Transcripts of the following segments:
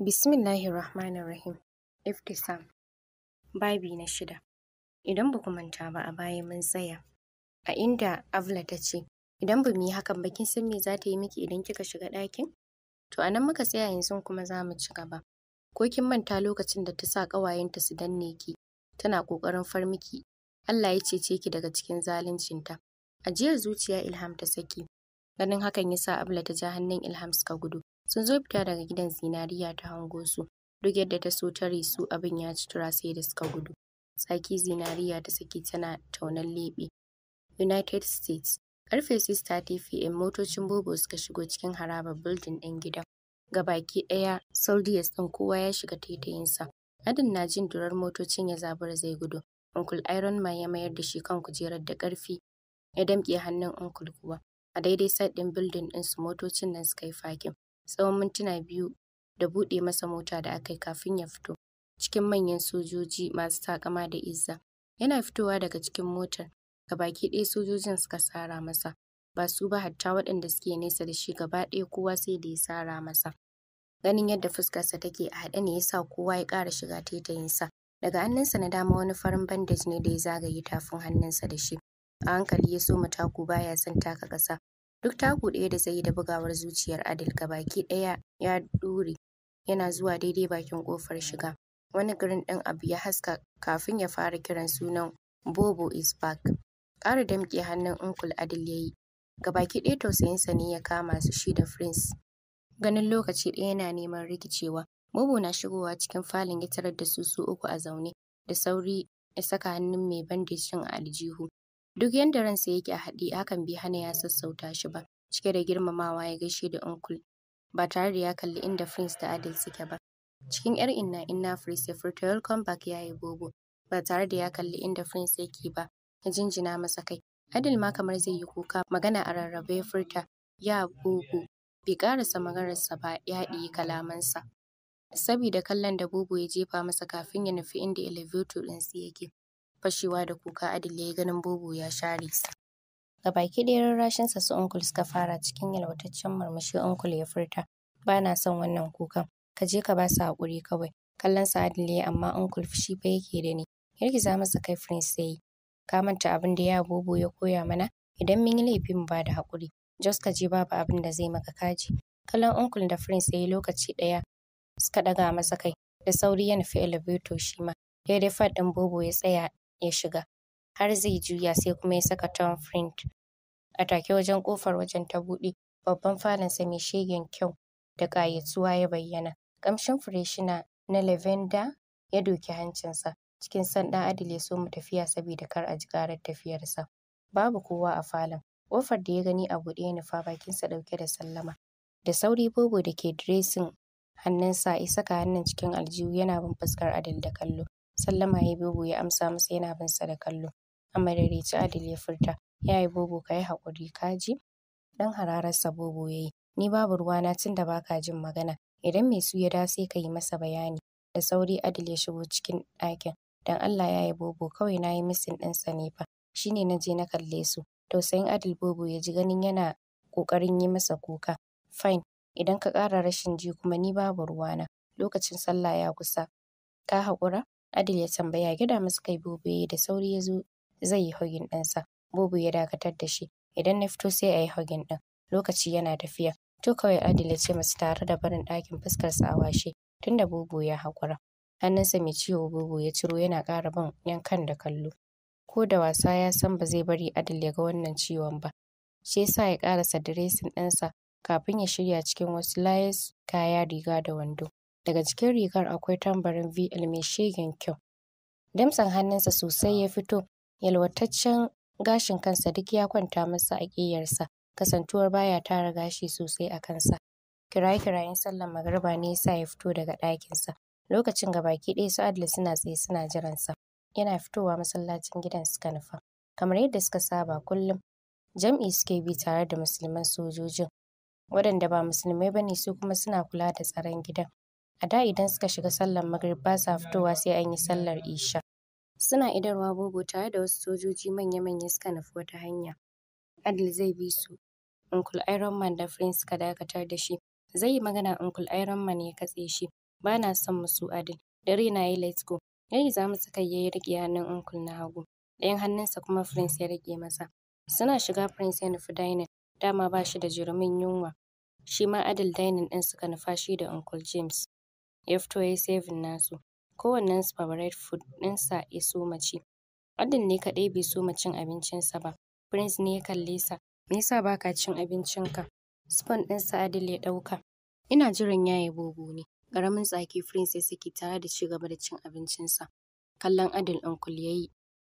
Bismillahir Rahmanir Rahim. Iftisam. Babi na shida. Idan ba ku manta ba a baya mun tsaya. A inda Abla ta ce, idan ba mu yi hakan ba kin san me za ta yi miki idan kika shiga ɗakin? To anan muka tsaya yanzu kuma za mu ci gaba. Ko kin manta lokacin da ta sa ƙawayenta su danne ki, tana ƙoƙarin far miki. Allah ya cece ki daga cikin zaluncinta. Ajiyar zuciya Ilham ta saki. Ganin hakan ya sa Abla ta ja hannun Ilham suka gudu. sun zo fita daga gidan zinariya ta hango su duk yadda ta so tare su abin ya ci tura sai da suka gudu tsaki zinariya ta saki tana taunan leɓe united states karfe 6:30 pm motocin bobo suka shigo cikin harabar building ɗin gidan baki daya soldiers ɗin kowa ya shiga taitayinsa adin na jin durar motocin ya zabura zai gudu uncle iron man ya mayar da shi kan kujerar da karfi ya damƙe hannun uncle kuwa a daidai side din building din su motocin nan suka yi fakin tsawon mintuna biyu da buɗe masa mota da aka yi kafin ya fito cikin manyan sojoji masu takama da izza. Yana fitowa daga cikin motar, baki ɗaya sojojin suka sara masa, ba su ba hatta waɗanda suke nesa da shi gaba ɗaya kowa sai da ya sara masa. Ganin yadda fuskarsa take a haɗe ne ya sa kowa ya ƙara shiga taitayinsa. Daga hannunsa na dama wani farin bandage ne da ya zagaye tafin hannunsa da shi. A hankali ya so mu taku baya son taka ƙasa, Duk taku ɗaya da zai yi da bugawar zuciyar Adil baki ɗaya ya ɗure yana zuwa daidai bakin ƙofar shiga. Wani garin ɗin abu ya haska kafin ya fara kiran sunan Bobo is back. Ƙara damƙe hannun Uncle Adil ya yi. baki ɗaya tausayinsa ne ya kama su shi da Prince. Ganin lokaci ɗaya yana neman rikicewa. Bobo na shigowa cikin falon ya tarar da su su uku a zaune. Da sauri ya saka hannun mai bandejin a aljihu. Duk yadda ransa yake a haɗi hakan bai hana ya sassauta shi ba. Cike da girmamawa ya gaishe da uncle ba tare da ya kalli inda Prince da adil suke ba. Cikin ‘yar inna inna Prince ya furta welcome back ya yi gogo ba tare da ya kalli inda Prince yake ba ya jinjina masa kai. adil ma kamar zai yi kuka magana a rarrabe ya furta ya gogo bai karasa maganarsa ba ya ɗiyi kalamansa. Sabida kallon da Bobo ya jefa masa kafin ya nufi inda elevator ɗinsu yake. fashewa da kuka Adil ya ganin Bobo ya share sa. baki ɗaya sa su Uncle suka fara cikin yalwataccen murmushi Uncle ya furta. Ba na son wannan kukan. Ka je ka ba su haƙuri kawai. Kallon sa Adil ya amma Uncle fushi fa yake da ni. Girgiza masa kai Prince ya yi. Ka manta abin da ya Bobo ya koya mana idan mun yi laifi mu ba da haƙuri. Jos ka je babu abin da zai maka kaji. Kallon Uncle da Prince ya yi lokaci ɗaya suka ɗaga masa kai. Da sauri ya nufi elevator shi ma. Daidai faɗin Bobo ya tsaya ya shiga har zai juya sai kuma ya saka tom print a take wajen kofar wajen ta buɗe babban falansa mai shegen kyau da ƙayatuwa ya bayyana Kamshin fireshina na lavender ya doki hancinsa cikin san ɗan adil ya so mu tafiya saboda kar a ji ƙarar tafiyarsa babu kowa a falon Kofar da ya gani a buɗe ya nufa bakinsa ɗauke da sallama da sauri bobo da ke diresin hannunsa ya saka hannun cikin aljihu yana bin fuskar adil da kallo Sallama ya yi Bobo ya amsa masa yana bin sa da kallo. A madaidaici Adil ya furta, ya yi Bobo ka yi haƙuri ka ji? Ɗan harararsa Bobo ya yi, ni babu ruwa na tun da baka jin magana, idan mai su ya da sai ka yi masa bayani. Da sauri Adil ya shigo cikin ɗakin, Dan Allah ya yi Bobo kawai na yi misin ɗinsa ne fa, shi ne na je na kalle su. to sai Adil Bobo ya ji ganin yana kokarin yi masa kuka. Fine, idan ka ƙara rashin ji kuma ni babu ruwa na. lokacin sallah ya kusa. Ka hakura Adil ya tambaya gida masu kai Bobo da sauri ya zo zai yi hogin ɗansa Bobo ya dakatar da shi. Idan na fito sai a yi hogin ɗin. Lokaci yana tafiya. To kawai Adil ya ce masu tare da barin ɗakin fuskarsa a washe tunda Bobo ya haƙura. Hannunsa mai ciwo Bobo ya ciro yana ƙara bin yankan da kallo. Ko da wasa ya san ba zai bari Adil ya ga wannan ciwon ba. Shi yasa ya ƙarasa diresin ɗinsa kafin ya shirya cikin wasu layas kaya riga da wando. Daga cikin rigar akwai tambarin VL mai shegen kyau. Damsan hannunsa sosai ya fito, yalwataccen gashin kansa duk ya kwanta masa a ƙiyarsa, kasantuwar baya tara gashi sosai a kansa. Kiraye-kirayen sallar magariba ne sa ya fito daga ɗakinsa. Lokacin gabaki ɗaya su Adli suna tsaye suna jiransa. Yana fitowa masallacin gidan suka nufa. Kamar yadda suka saba kullum, jam'i suke bi tare da musulman sojojin. Waɗanda ba musulmai ba ne su kuma suna kula da tsaron gidan. A da idan suka shiga sallar magrib ba sa fitowa sai an yi sallar Isha. Suna idarwa bobo tare da wasu sojoji manya-manya suka nufi wata hanya. Adil zai bi su. Uncle Man da Prince suka dakatar da shi. Zai yi magana Uncle Man ya katse shi. Ba na son su Adil. Dare na yi let's go. Ya za mu suka yi riƙe hannun Uncle na hagu. Ɗayan hannunsa kuma Prince ya rike masa. Suna shiga Prince ya nufi dining. Dama ba shi da jirumin yunwa. Shi ma Adil dining ɗin suka nufa shi da Uncle James. ya fito yayi saving nasu. Kowannen su favorite food ɗinsa ya soma ci. Adan ne kaɗai bai soma cin abincinsa ba. Prince ne ya kalle sa, me yasa baka cin abincin ka? Spoon ɗinsa Adil ya ɗauka. Ina jiran yayi bobo ne. Ƙaramin tsaki Prince ya saki tare da ci gaba da cin abincinsa. Kallon Adil Uncle yayi.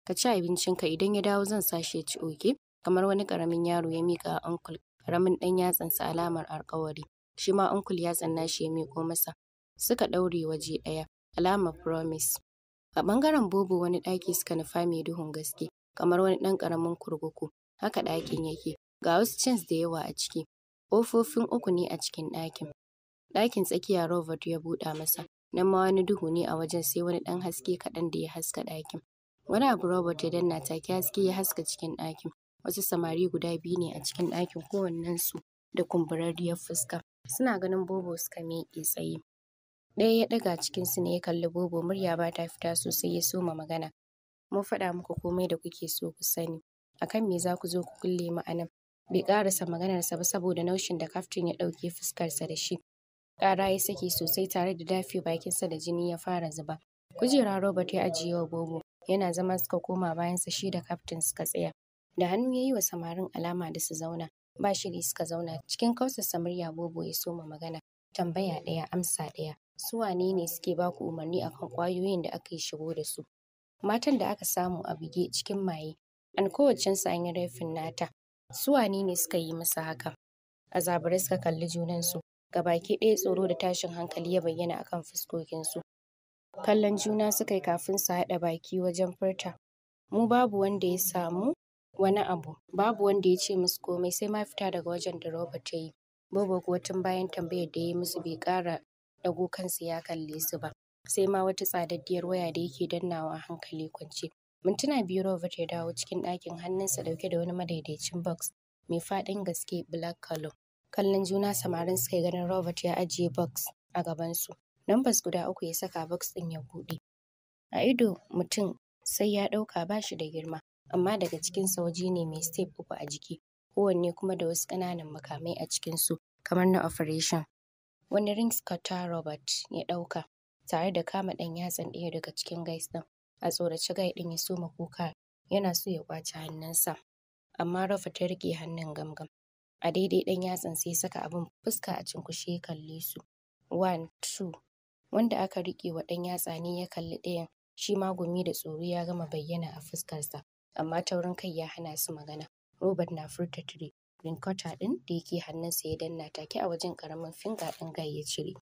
Ka ci abincinka idan ya dawo zan sashi ya ci oke. Kamar wani ƙaramin yaro ya miƙa Uncle ƙaramin ɗan yatsansa alamar alƙawari. Shi ma Uncle yatsan shi ya miƙo masa. suka ɗaure waje ɗaya alamar promise. A ɓangaren Bobo wani ɗaki suka nufa mai duhun gaske kamar wani ɗan ƙaramin kurkuku haka ɗakin yake ga wasu chins da yawa a ciki ƙofofin uku ne a cikin ɗakin. Ɗakin tsakiya Robert ya buɗa masa nan ma wani duhu ne a wajen sai wani ɗan haske kaɗan da ya haska ɗakin. Wani abu Robert ya danna take haske ya haska cikin ɗakin. Wasu samari guda biyu ne a cikin ɗakin kowannensu da ya fuska. Suna ganin Bobo suka miƙe tsaye. Ɗaya ya ɗaga cikin su ne ya kalli Bobo murya ba ta fita sosai ya soma magana. Mun faɗa muku komai da kuke so ku sani. Akan me za ku zo ku kulle mu anan Bai ƙarasa maganarsa ba saboda naushin da kaftin ya ɗauke fuskarsa da shi. Ƙara ya saki sosai tare da bakin bakinsa da jini ya fara zuba. Kujera Robert ya ajiye wa Bobo yana zama suka koma bayansa shi da kaftin suka tsaya. Da hannu ya yi wa samarin alama da su zauna. Ba shi shiri suka zauna cikin kausar murya Bobo ya soma magana. Tambaya ɗaya amsa ɗaya. su wane ne suke baku ku umarni akan kwayoyin da aka yi shigo da su. Matan da aka samu a buge cikin maye, an kowacce an yi rafin nata, su wane ne suka yi masa haka? A zabare suka kalli junansu, baki ɗaya tsoro da tashin hankali ya bayyana akan fuskokinsu. Kallon juna suka yi kafin su haɗa baki wajen furta. Mu babu wanda ya samu wani abu, babu wanda ya ce musu komai sai ma fita daga wajen da roba ta yi. Bobo kuwa tun bayan tambayar da ya yi musu bai ƙara ɗago kansa ya kalle su ba sai ma wata tsadaddiyar waya da yake dannawa hankali kwance mintuna biyu Robert ya dawo cikin ɗakin hannunsa ɗauke da wani madaidaicin box mai faɗin gaske black color kallon juna samarin suka ganin Robert ya ajiye box a gabansu numbers guda uku ya saka box ɗin ya buɗe a ido mutum sai ya ɗauka ba shi da girma amma daga cikinsa waje ne mai step uku a jiki kowanne kuma da wasu ƙananan makamai a cikinsu kamar na operation wani rings Carter Robert ya ɗauka tare da kama ɗan yatsan ɗaya daga cikin gais ɗin. A tsorace gai ɗin ya so ma kuka yana so ya ƙwace hannunsa. Amma rafa ta riƙe hannun gamgam. A daidai ɗan yatsan sai saka abin fuska a cinkushe ya kalle su. One, two. Wanda aka riƙe wa ɗan yatsa ne ya kalli ɗayan shi ma gumi da tsoro ya gama bayyana a fuskarsa. Amma taurin kai ya hana su magana. Robert na furta tire Rinkota ɗin da yake hannun sa ya danna take a wajen karamin finga ɗin Guy ya cire.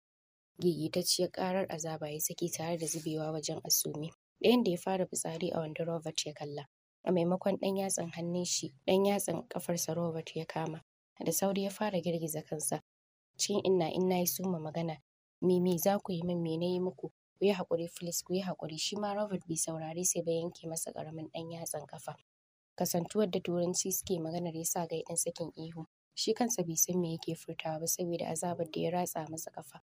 Gigitacciyar karar azaba ya saki tare da zubewa wajen asumi. Ɗayan da ya fara fitsari a wanda Robert ya kalla. A maimakon ɗan yatsan hannun shi, ɗan yatsan ƙafarsa Robert ya kama. Da sauri ya fara girgiza kansa. Cikin inna na yi suma magana. Me me za ku yi min me na yi muku? Ku yi haƙuri Felix, ku yi haƙuri. Shi ma Robert bai saurare sai ba yanke masa ƙaramin ɗan yatsan ƙafa. kasantuwar da turanci suke maganar ya sa ga ɗan sakin ihu shi kansa bai san me yake furtawa ba saboda azabar da ya ratsa masa kafa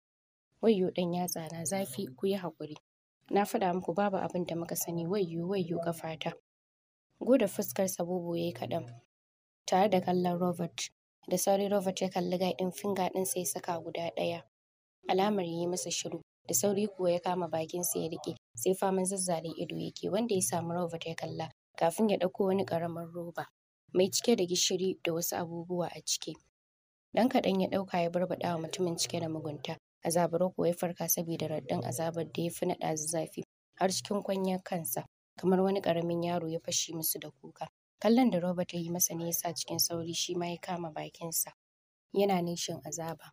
wayyo ɗan ya tsana, zafi ku yi hakuri. na faɗa muku babu abin da muka sani wayyo wayyo kafata goda fuskar sa bobo yayi kaɗan tare da kallon robert da sauri robert ya kalli gaɗin finga ɗin sai saka guda ɗaya alamar ya yi masa shiru da sauri kuwa ya kama bakinsa ya riƙe sai faman zazzare ido yake wanda ya samu robert ya kalla kafin ya ɗauko wani ƙaramin roba mai cike da gishiri da wasu abubuwa a ciki. ɗan kaɗan ya ɗauka ya barbaɗa wa mutumin cike da mugunta. Azabaro kuwa ya farka saboda raɗin azabar da ya fi naɗa zafi har cikin kwanyar kansa kamar wani ƙaramin yaro ya fashe musu da kuka. Kallon da roba ta yi masa ne ya sa cikin sauri shi ma ya kama bakinsa. Yana nishin azaba.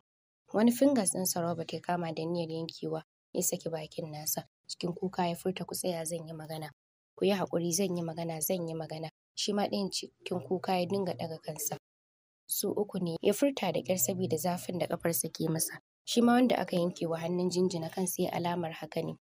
Wani fingas ɗinsa roba ya kama da niyyar yankewa ya saki bakin nasa. Cikin kuka ya furta kusa ya zan yi magana. ku yi hakuri zan yi magana zan yi magana shi ma ɗayan cikin kuka ya dinga ɗaga kansa su uku ne ya furta da ƙyar saboda zafin da ƙafarsa ke masa shi ma wanda aka yanke wa hannun jinjina kansa ya alamar haka ne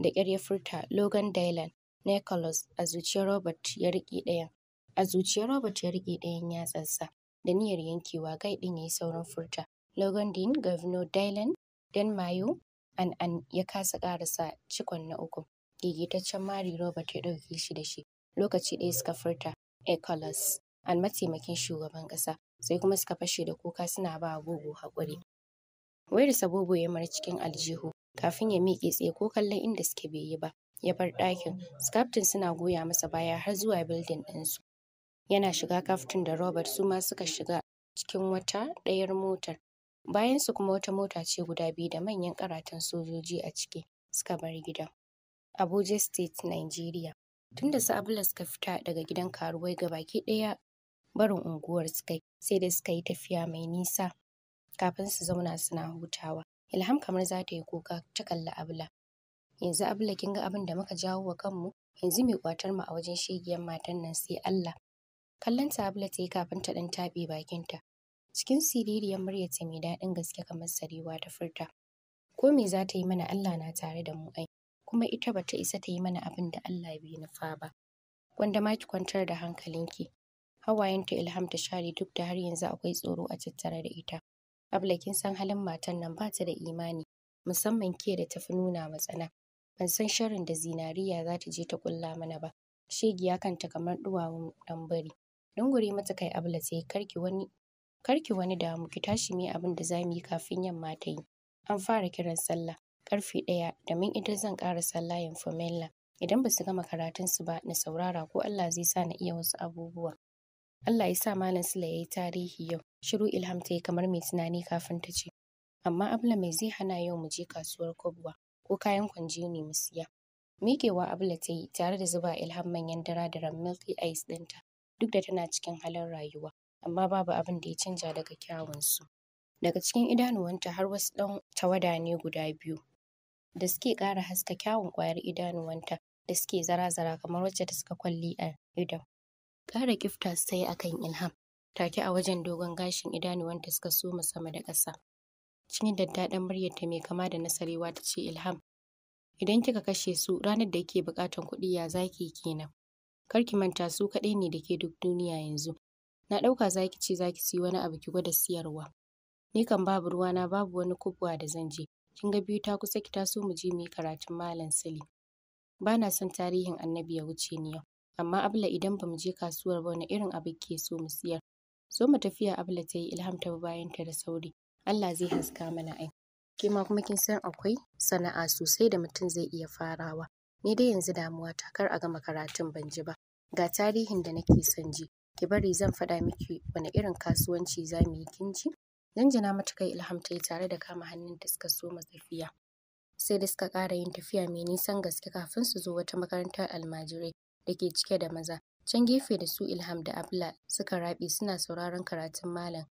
da ƙyar ya furta logan dylan nicholas a zuciyar robert ya riƙe ɗayan a zuciyar robert ya riƙe ɗayan yatsansa da niyyar yankewa gai ɗin ya yi saurin furta logan din governor dylan dan mayo an an ya kasa ƙarasa cikon na uku gigitaccen Mari Robert ya ɗauke shi da shi. Lokaci ɗaya suka furta Ecolos an mataimakin shugaban ƙasa sai kuma suka fashe da kuka suna ba agogo haƙuri. da Sabobo ya mara cikin aljihu kafin ya miƙe tsaye ko kallon inda suke bai yi ba. Ya bar ɗakin, Skaftin suna goya masa baya har zuwa bildin ɗinsu. Yana shiga kaftin da Robert su ma suka shiga cikin wata ɗayar motar. Bayansu kuma wata mota ce guda biyu da manyan karatun sojoji a ciki suka bar gidan. Abuja State, Najeriya. Tunda da Sabula suka fita daga gidan karuwai baki ɗaya barin unguwar suka sai da suka yi tafiya mai nisa kafin su zauna suna hutawa. Ilham kamar za ta yi kuka ta kalla Abula. Yanzu Abula kin ga abin da muka jawo wa kanmu yanzu mai kwatar mu a wajen shegiyar matan nan sai Allah. Kallon ta Abula ta yi kafin ta ɗan taɓe bakinta. Cikin siririyar muryarta mai daɗin gaske kamar sarewa ta furta. Ko me za ta yi mana Allah na tare da mu ai. kuma ita bata isa ta yi mana abin da Allah bai nufa ba. Wanda ma ki kwantar da hankalinki. Hawayenta Ilham ta share duk da har yanzu akwai tsoro a tattare da ita. Abla kin san halin matan nan ba ta da imani, musamman ke da tafi nuna matsana. Ban san sharrin da zinariya za ta je ta kulla mana ba. Shegiya kanta kamar duwawun ɗan bari. Dungure mata kai Abla sai karki wani karki wani damu ki tashi me abin da za mu yi kafin yamma ta yi. An fara kiran sallah. karfe ɗaya min idan zan ƙara sallayin formella idan ba su gama su ba na saurara ko Allah zai sa na iya wasu abubuwa. Allah ya sa Malam Sula ya yi tarihi yau, shiru Ilham ta yi kamar mai tunani kafin ta ce, amma Abla mai zai hana yau mu je kasuwar Kubwa ko kayan kwanji ne mu siya. Miƙewa Abla ta yi tare da zuba Ilham manyan dara da Milky Ice ɗinta duk da tana cikin halin rayuwa, amma babu abin da ya canja daga kyawunsu. Daga cikin idanuwanta har wasu ɗan tawada ne guda biyu da suke ƙara haska kyawun ƙwayar idanuwanta da suke zara-zara kamar wacce ta suka kwalli a ido. Ƙara kifta sai akan Ilham, take a wajen dogon gashin idanuwanta suka soma sama da ƙasa. Cikin daddaɗan muryarta mai kama da nasarewa ta ce Ilham, idan kika kashe su ranar da yake buƙatan kuɗi ya zaki kenan. Kar ki manta su kaɗai ne da ke duk duniya yanzu. Na ɗauka zaki ce zaki siyo wani abu ki gwada siyarwa. Ni kan babu ruwana babu wani kubuwa da zan je. kin ga biyu ta kusa ki taso mu je mu yi karatun malam sili ba na son tarihin annabi ya wuce ni yau amma abla idan ba mu je kasuwar ba wani irin abu ke so mu siyar so mu tafiya abla ta yi ilham ta bayan ta da sauri Allah zai haska mana ai ke ma kuma kin san akwai sana'a sosai da mutum zai iya farawa ni dai yanzu damuwa ta kar a gama karatun ban ji ba ga tarihin da nake son ji ki bari zan faɗa miki wani irin kasuwanci za mu yi kin ji zanjina mata kai Ilham ta tare da kama hannunta suka soma tafiya. Sai da suka ƙara yin tafiya mai nisan gaske kafin su zo wata makarantar almajirai da ke cike da maza. Can gefe da su Ilham da Abla suka raɓe suna sauraron karatun malam.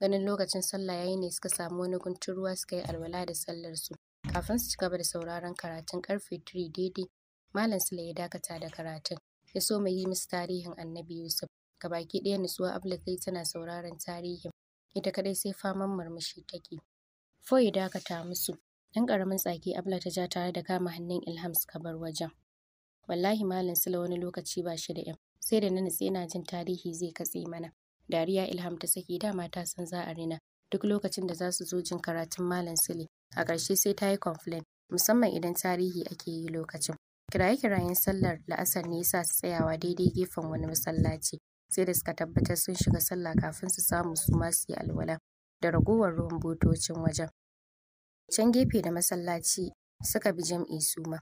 Ganin lokacin sallah yayi ne suka samu wani guntun ruwa suka yi alwala da sallar su. Kafin su ci gaba da sauraron karatun karfe 3 daidai, Malam Sule ya dakata da karatun. Ya so yi musu tarihin Annabi Yusuf. baki ɗaya nutsuwa Abla sai tana sauraron tarihin. ita kaɗai sai faman murmushi take. Foyi dakata musu, ɗan ƙaramin tsaki Abla ta ja tare da kama hannun Ilham suka bar wajen. Wallahi Malam Sula wani lokaci ba shi da ƴan. sai da na nutse yana jin tarihi zai katse mana. Dariya Ilham ta saki dama ta san za a rina, duk lokacin da za su zo jin karatun Malam Sule, a ƙarshe sai ta yi complain, musamman idan tarihi ake yi lokacin. Kiraye-kirayen sallar la'asar ne yasa su tsayawa daidai gefen wani masallaci. sai da suka tabbatar sun shiga sallah kafin su samu su ma yi alwala da ragowar ruwan butocin wajen. Can gefe da masallaci suka bi jam'i su ma.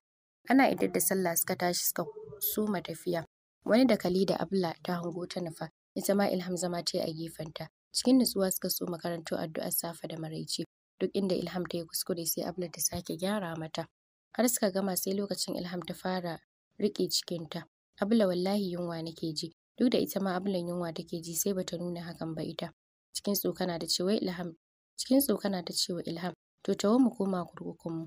Ana idar da sallah suka tashi suka suma tafiya. Wani da Kali da Abla ta hango ta nufa, ita ma Ilham zama ta yi a gefen ta. Cikin nutsuwa suka so makarantu addu'ar safa da maraice. Duk inda Ilham ta yi kuskure sai Abla ta sake gyara mata. Har suka gama sai lokacin Ilham ta fara riƙe cikinta. Abla wallahi yunwa nake ji, Duk da ita ma Abulan yunwa take ji sai bata nuna hakan ba ita. Cikin tsokana na da cewa Ilham cikin tsokana ta ce wa Ilham to tawo mu koma kurkukunmu.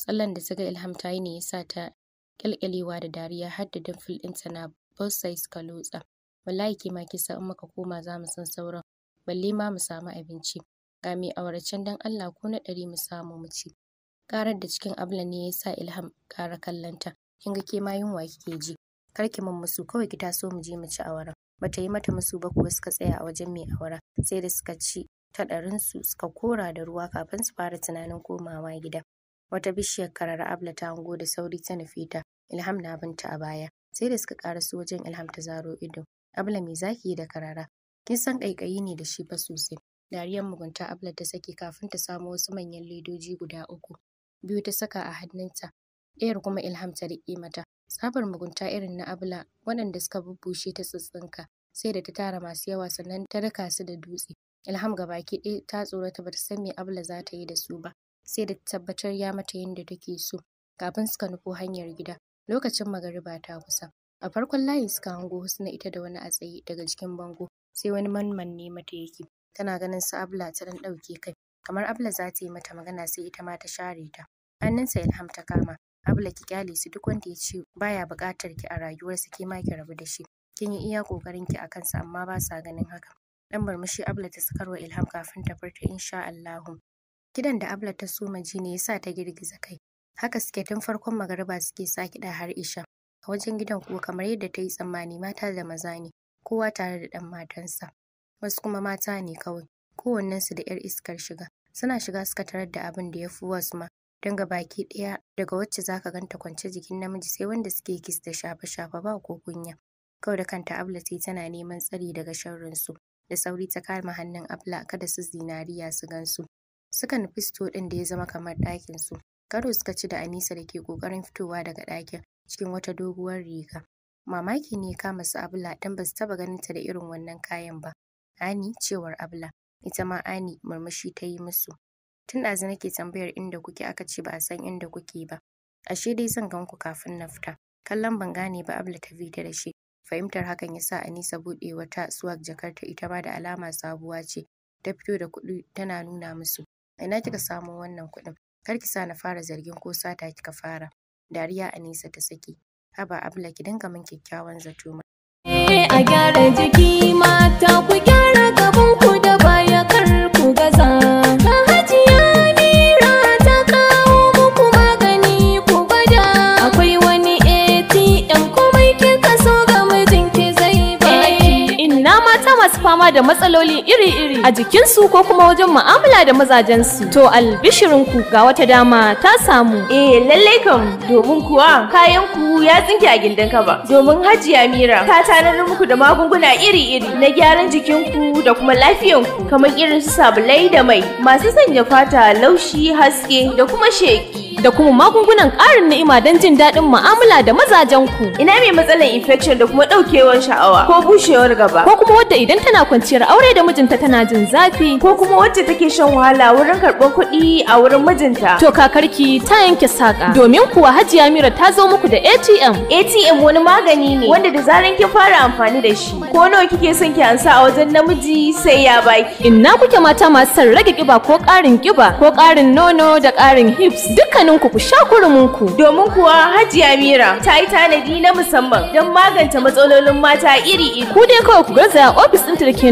Tsallan da ta ga Ilham ta yi ne yasa ta kyalkyalewa da dariya har da dimfil ɗinta na both sides ka lotsa. Wallahi ke ma kisa in muka koma za mu san sauran balle ma mu samu abinci. Ga mai auracen dan Allah ko na ɗari mu samu mu ci. Karar da cikin Abulan ne yasa Ilham kara kallonta. Kin ga ke ma yunwa kike ji. kar ki mun musu kawai ki taso mu je mu ci awara bata yi mata musu ba kuwa suka tsaya a wajen mai awara sai da suka ci su suka kora da ruwa kafin su fara tunanin komawa gida wata bishiyar karara, abla ta hango da sauri ta nufi ta ilham na binta a baya sai da suka su wajen ilham ta zaro ido abla me zaki yi da karara kin san ƙaiƙayi ne da shi fa sosai dariyar mugunta abla ta saki kafin ta samo wasu manyan ledoji guda uku biyu ta saka a hannunta ɗayar kuma ilham ta riƙe mata Tsabar mugunta irin na Abla, waɗanda suka bubbushe ta tsitsinka, sai da ta tara masu yawa sannan ta daka su da dutse. Ilham ga baki ɗaya ta tsorata bata san me Abla za ta yi da su ba, sai da ta tabbatar ya mata yadda take so, kafin suka nufo hanyar gida. Lokacin magariba ta kusa. A farkon layi suka hango Husna ita da wani a tsaye daga cikin bango, sai wani ne mata yake. Tana ganin su Abla ta ɗan ɗauke kai, kamar Abla za ta yi mata magana sai ita ma ta share ta. Hannunsa Ilham ta kama, Abla ki kyale su duk wanda ya ce baya buƙatar ki a rayuwarsa ke ma ki rabu da shi. Kin yi iya ƙoƙarin ki a kansa amma ba sa ganin haka. Dan murmushi Abla ta sakarwa Ilham kafin ta furta insha Allahu. Kidan da Abla ta soma ji ne yasa ta girgiza kai. Haka suke tun farkon magariba suke sa kiɗa har isha. A wajen gidan kuwa kamar yadda ta yi tsammani mata da maza ne, kowa tare da ɗan matansa. Wasu kuma mata ne kawai, kowannensu da ‘yar iskar shiga. Suna shiga suka tarar da abin da ya fi wasu ma, don baki ɗaya daga wacce zaka ganta kwance jikin namiji sai wanda suke kis da shafe-shafe ba ko kunya. Kau da kanta Abla sai tana neman tsari daga sharrin su. Da sauri ta kama hannun Abla kada su zinariya su gansu. Suka nufi sto ɗin da ya zama kamar ɗakin su. Karo suka ci da Anisa da ke ƙoƙarin fitowa daga ɗakin cikin wata doguwar riga. Mamaki ne kama su Abla don ba su taɓa ganin ta da irin wannan kayan ba. Ani cewar Abla. Ita ma Ani murmushi ta yi musu. Tun ɗazu nake tambayar inda kuke aka ce ba a san inda kuke ba. Ashe dai zan gan ku kafin na fita. Kallon ban gane ba Abla ta fita da shi. Fahimtar hakan ya sa Anisa buɗe wata suwak jakarta ita ma da alama sabuwa ce. Ta fito da kuɗi tana nuna musu. Ina kika samo wannan kuɗin? Kar ki sa na fara zargin ko sata kika fara. Dariya Anisa ta saki. Haba Abla ki dinga min kyakkyawan zato ma. a gyara jiki mata ku da matsaloli iri-iri a jikinsu ko kuma wajen mu'amala da mazajensu. To albishirinku ga wata dama ta samu. Eh lallai kam domin kuwa kayan ku ya tsinke a gindin ba. Domin Hajiya Mira ta tanar muku da magunguna iri-iri na gyaran jikinku da kuma lafiyanku kamar irin su sabulai da mai masu sanya fata laushi haske da kuma sheki. da kuma magungunan ƙarin ni'ima don jin daɗin mu'amala da mazajen ku. Ina mai matsalar infection da kuma ɗaukewar sha'awa ko bushewar gaba ko kuma wadda idan tana kwanci kwanciyar aure da mijinta tana jin zafi ko kuma wacce take shan wahala wurin karɓar kuɗi a wurin mijinta to kakarki ta yanke saƙa domin kuwa hajiya mira ta zo muku da atm atm wani magani ne wanda da zaran kin fara amfani da shi ko nawa kike son ki ansa a wajen namiji sai ya baki inna kuke mata masu son rage kiba ko ƙarin kiba ko ƙarin nono da ƙarin hips dukkaninku ku sha ku domin kuwa hajiya mira ta yi tanadi na musamman don magance matsalolin mata iri iri ku dai kawai ku garzaya ofis ɗinta da ke